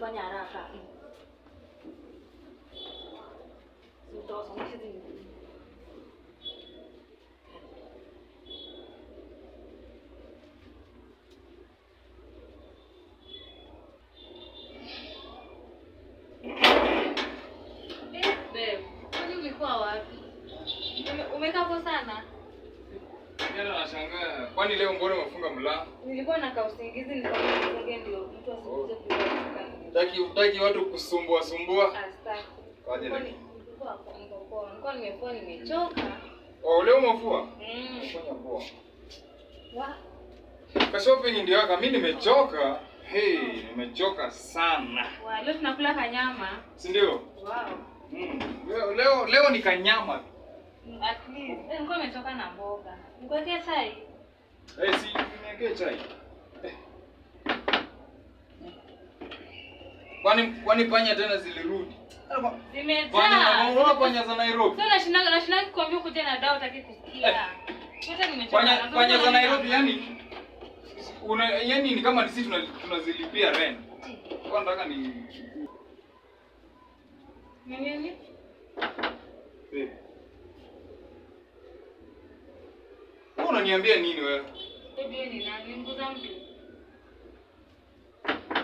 Fanya eh, haraka. Ulikuwa wapi? Umekaa hapo sana jana nashangaa, kwani leo mbona umefunga mlango? Nilikuwa nakaa usingizi nikafunge ndio mtu asikuze oh. kutoka. Utaki utaki watu kusumbua sumbua. Astaki. Kaje na nilikuwa nimefua nimechoka. Oh, leo umefua? Mm. Fanya poa. Wa. Kwa shopping ndio haka mimi nimechoka. Hey, nimechoka sana. Wa, leo tunakula kanyama. Si ndio? Wow. Mm. Leo leo, leo ni kanyama. Nilikuwa yaani nimetoka na mboga. Nikuwekee chai? Eh, si chai. Kwani kwani panya tena zilirudi? panya za Nairobi? Sasa nashinda nashinda na dawa utaki kusikia. Panya za Nairobi yani una yani ni kama sisi tunazilipia rent. Kwa nataka ni Nini? Eh. unaniambia nini wewe?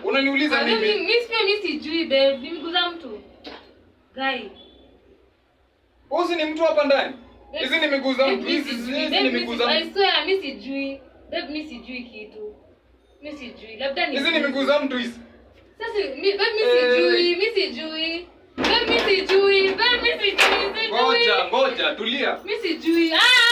Unaniuliza mimi? Mimi sijui babe, nimguza mtu. Guy. Usi ni mtu hapa ndani? Hizi nimeguza mtu, hizi nimeguza mtu. I swear mimi sijui. Babe mimi sijui kitu. Mimi sijui. Labda ni Hizi nimeguza mtu hizi. Sasa babe mimi eh. sijui, mimi sijui. Babe mimi sijui, babe mimi sijui. Ngoja, ngoja, tulia. Mimi sijui. Ah!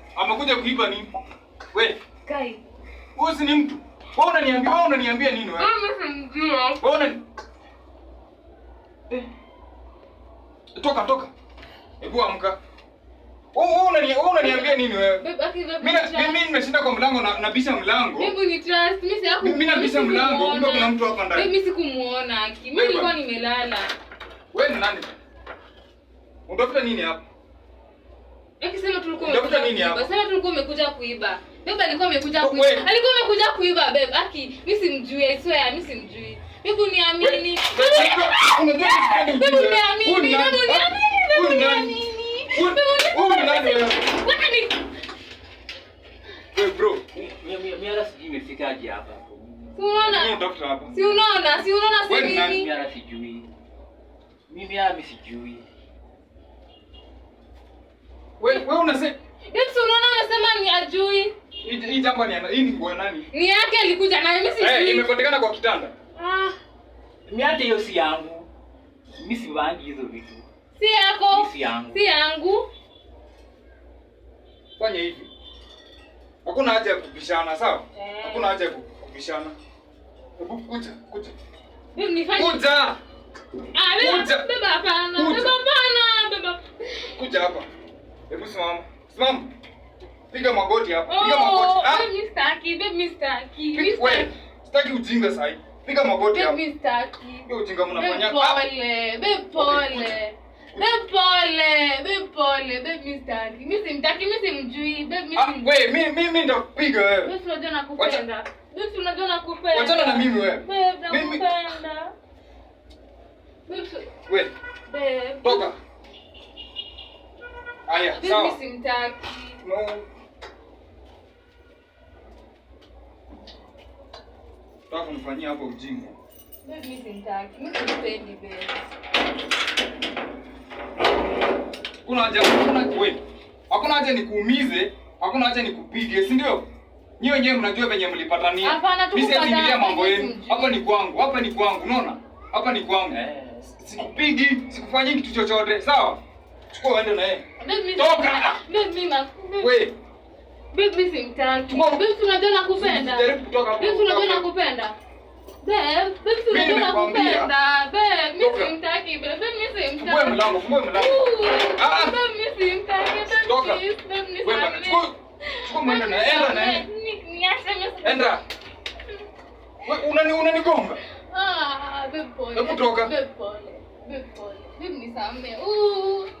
amekuja kuiba nini? We kai, wewe si ni mtu wewe, unaniambia wewe, unaniambia nini wewe? Mimi simjui wewe, unani eh, toka toka, hebu amka wewe, unani wewe, unaniambia nini wewe? Mimi mimi nimeshinda kwa mlango na nabisha mlango. Hebu ni trust mimi, si hapo mimi nabisha mlango, kumbe kuna mtu hapa ndani. Mimi sikumuona mimi nilikuwa nimelala. Wewe ni nani? Unatafuta nini hapa? Akisema tulikuwa umekuja kuiba. Sema tulikuwa umekuja kuiba. Beba oh, alikuwa amekuja kuiba. Alikuwa amekuja kuiba beba. Aki, mimi simjui, I swear mimi simjui. Hebu niamini. Unajua nisipendi. Hebu niamini. Hebu niamini. Hebu niamini. Hebu niamini. Wewe bro, mimi mimi hata sijui imefikaje hapa. Si unaona? Ni doctor hapa. Si unaona? Si unaona sisi nini? Mimi hata sijui. Mimi hata sijui. Wewe unasema Yesu, yaani unaona unasema ni ajui. Hii jambo ni hii ni kwa nani? Ni yake alikuja na mimi si. Eh, imepatikana kwa kitanda. Ah. Mimi hata hiyo si yangu. Mimi si wangi hizo vitu. Si yako. Si yangu. Si yangu. Fanya hivi. Hakuna haja ya kubishana, sawa? Eh. Hakuna haja ya kubishana. Hebu kuja, kuja. Mimi nifanye. Kuja. Ah, beba hapana. Beba hapana. Beba. Kuja hapa. Hebu simama. Simama. Piga magoti hapa. Piga oh, magoti. Oh, mimi sitaki, mimi sitaki. Mimi sitaki. Sitaki ujinga sasa hivi. Piga magoti hapa. Mimi sitaki. Wewe ujinga mnafanya hapa. Pole, be ah! pole. Be pole, be pole, be mimi sitaki. Mimi simtaki, mimi simjui. Be mimi. Ah, wewe mimi mimi ndakupiga wewe. Mimi unajua nakupenda. Mimi unajua nakupenda. Wachana na mimi wewe. Mimi nakupenda. Mimi. Wewe. Toka. Haya, sawa. Simtaki. Nataka kumfanyia hapo ujinga. Mimi simtaki. Mimi sipendi baby. Kuna haja kuna wewe. Hakuna haja nikuumize, hakuna haja nikupige, si ndio? Nyinyi wenyewe mnajua venye mlipatania. Hapana, tu mimi siingililia mambo yenu. Hapa ni kwangu, hapa ni kwangu, unaona? Hapa ni kwangu. Sikupigi, sikufanyii kitu chochote, sawa? Chukua uende na yeye. Babe, toka. Babe, mimi wewe. Babe, mimi simtaki. Babe, tunajua nakupenda. Babe, tunajua nakupenda. Babe, babe, tunajua nakupenda. Babe, mimi simtaki. Babe, mimi simtaki. Wewe mlango, wewe mlango. Ah, babe, ah. mimi simtaki. Toka. Babe, mimi simtaki. Chukua. Chukua uende na yeye, enda na yeye. Niache mimi. Enda. Wewe unani unanigonga? Ah, babe pole. Hebu toka. Babe pole. Babe pole. Babe nisamee. Uh.